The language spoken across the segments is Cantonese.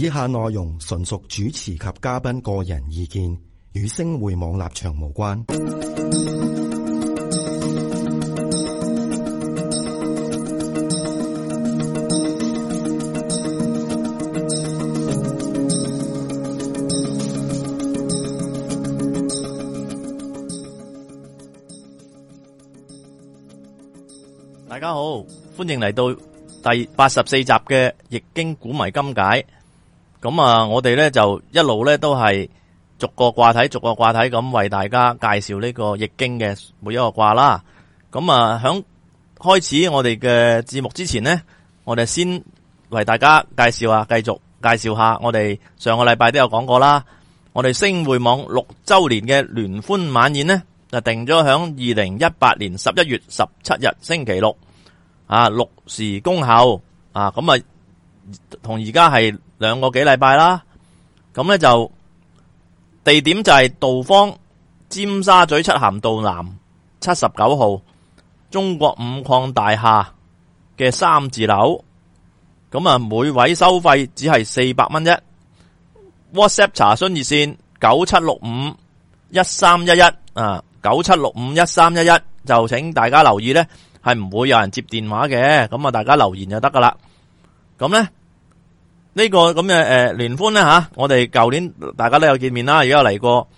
以下內容純屬主持及嘉賓個人意見，與星匯網立場無關。大家好，歡迎嚟到第八十四集嘅《易經古謎今解》。咁啊，我哋咧就一路咧都係逐個卦體、逐個卦體咁為大家介紹呢個易經嘅每一個卦啦。咁啊，響開始我哋嘅節目之前呢，我哋先為大家介紹下，繼續介紹下我哋上個禮拜都有講過啦。我哋星匯網六周年嘅聯歡晚宴呢，就定咗響二零一八年十一月十七日星期六啊六時恭候。啊，咁啊。同而家係兩個幾禮拜啦，咁咧就地點就係杜芳尖沙咀漆咸道南七十九號中國五礦大廈嘅三字樓，咁啊每位收費只係四百蚊一。WhatsApp 查詢熱線九七六五一三一一啊，九七六五一三一一就請大家留意咧，係唔會有人接電話嘅，咁啊大家留言就得噶啦，咁咧。呢個咁嘅誒聯歡咧吓，我哋舊年大家都有見面啦，而家有嚟過，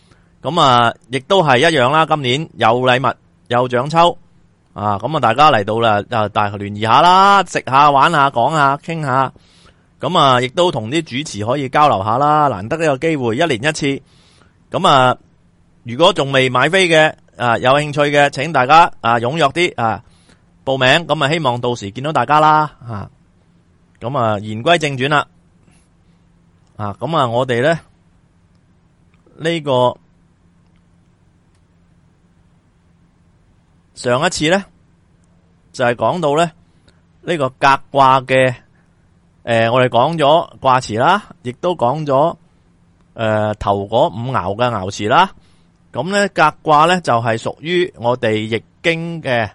咁啊，亦都係一樣啦。今年有禮物，有獎抽啊，咁啊，大家嚟到啦，啊，大聯誼下啦，食下玩下，講下傾下，咁啊，亦都同啲主持可以交流下啦。難得呢個機會，一年一次，咁啊，如果仲未買飛嘅啊，有興趣嘅，請大家啊踴躍啲啊報名，咁啊，希望到時見到大家啦啊。咁啊，言歸正傳啦。啊，咁啊，我哋咧呢個上一次咧就係講到咧呢個革卦嘅，誒，我哋講咗卦辭啦，亦都講咗誒頭嗰五爻嘅爻辭啦。咁咧革卦咧就係屬於我哋易經嘅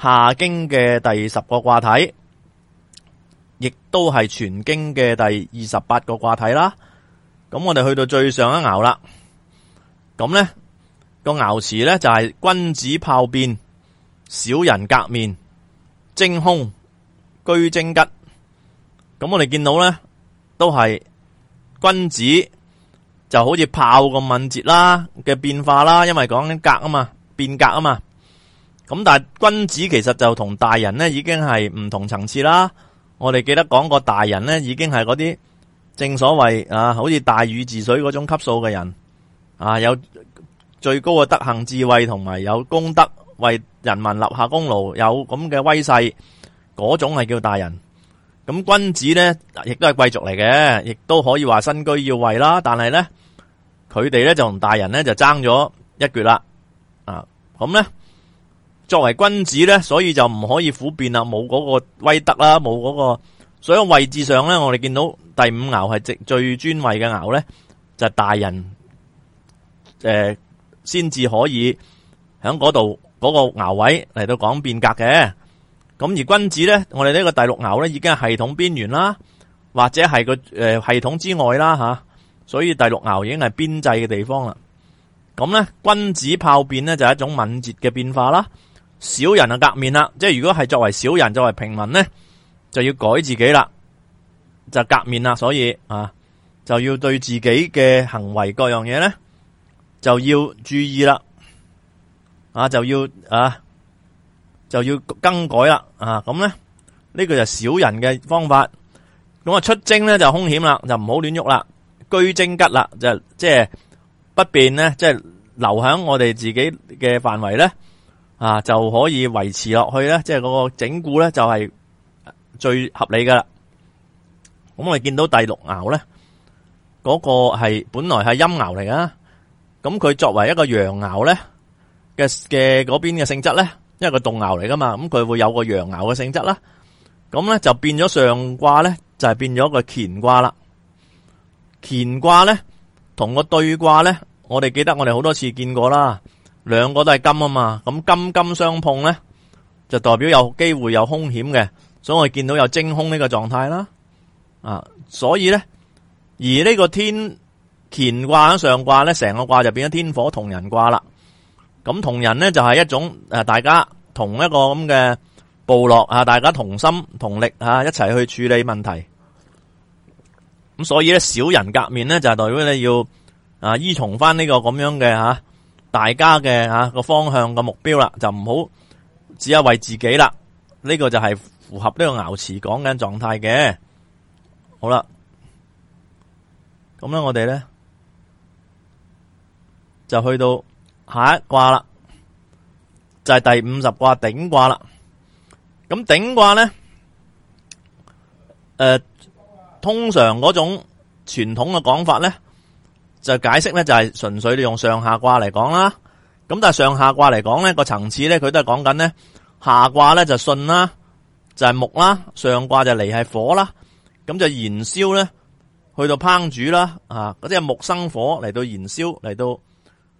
下經嘅第十個卦體。亦都係全經嘅第二十八個卦體啦。咁我哋去到最上一爻啦。咁咧、這個爻詞咧就係、是、君子豹變，小人革面，征凶，居貞吉。咁我哋見到咧都係君子就好似豹咁敏捷啦嘅變化啦，因為講緊革啊嘛，變革啊嘛。咁但係君子其實就同大人咧已經係唔同層次啦。我哋記得講過大人呢已經係嗰啲正所謂啊，好似大禹治水嗰種級數嘅人啊，有最高嘅德行、智慧同埋有，有功德，為人民立下功勞，有咁嘅威勢，嗰種係叫大人。咁君子呢，亦都係貴族嚟嘅，亦都可以話身居要位啦。但係呢，佢哋呢就同大人呢就爭咗一橛啦。咁、啊、呢。作為君子咧，所以就唔可以虎變啦，冇嗰個威德啦，冇嗰、那個，所以位置上咧，我哋見到第五爻係最最尊位嘅爻咧，就係、是、大人，誒、呃，先至可以喺嗰度嗰個爻位嚟到講變革嘅。咁而君子咧，我哋呢個第六爻咧，已經係系統邊緣啦，或者係個誒、呃、系統之外啦吓，所以第六爻已經係邊際嘅地方啦。咁咧，君子豹變咧就係一種敏捷嘅變化啦。小人啊，革面啦！即係如果係作為小人，作為平民咧，就要改自己啦，就革面啦。所以啊，就要對自己嘅行為各樣嘢咧，就要注意啦。啊，就要啊，就要更改啦。啊，咁咧呢個就小人嘅方法。咁啊，出征咧就凶險啦，就唔好亂喐啦。居貞吉啦，就即係不變咧，即係留喺我哋自己嘅範圍咧。啊，就可以維持落去咧，即係嗰個整固咧，就係最合理噶啦。咁我哋見到第六爻咧，嗰、那個係本來係陰爻嚟啊，咁佢作為一個陽爻咧嘅嘅嗰邊嘅性質咧，因為個動爻嚟噶嘛，咁佢會有一個陽爻嘅性質啦。咁咧就變咗上卦咧，就係變咗個乾卦啦。乾卦咧同個對卦咧，我哋記得我哋好多次見過啦。兩個都係金啊嘛，咁金金相碰呢，就代表有機會有凶險嘅，所以我見到有貞凶呢個狀態啦。啊，所以呢，而呢個天乾卦上卦呢，成個卦就變咗天火同人卦啦。咁同人呢，就係、是、一種誒，大家同一個咁嘅部落啊，大家同心同力、啊、一齊去處理問題。咁、啊、所以呢，小人革面呢，就係代表你要啊依從翻呢個咁樣嘅吓。啊大家嘅啊個方向嘅目標啦，就唔好只係為自己啦。呢、這個就係符合呢個爻辭講緊狀態嘅。好啦，咁咧我哋咧就去到下一卦啦，就係、是、第五十卦鼎卦啦。咁鼎卦咧，誒、呃，通常嗰種傳統嘅講法咧。就解釋咧，就係、是、純粹你用上下卦嚟講啦。咁但係上下卦嚟講咧，呢個層次咧，佢都係講緊咧，下卦咧就巽啦，就係、是、木啦；上卦就離係火啦。咁就燃燒咧，去到烹煮啦，吓嗰啲係木生火嚟到燃燒嚟到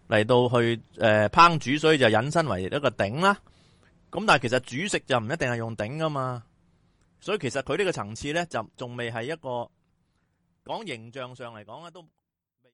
嚟到去誒、呃、烹煮，所以就引申為一個鼎啦。咁但係其實煮食就唔一定係用鼎噶嘛。所以其實佢呢個層次咧，就仲未係一個講形象上嚟講咧都。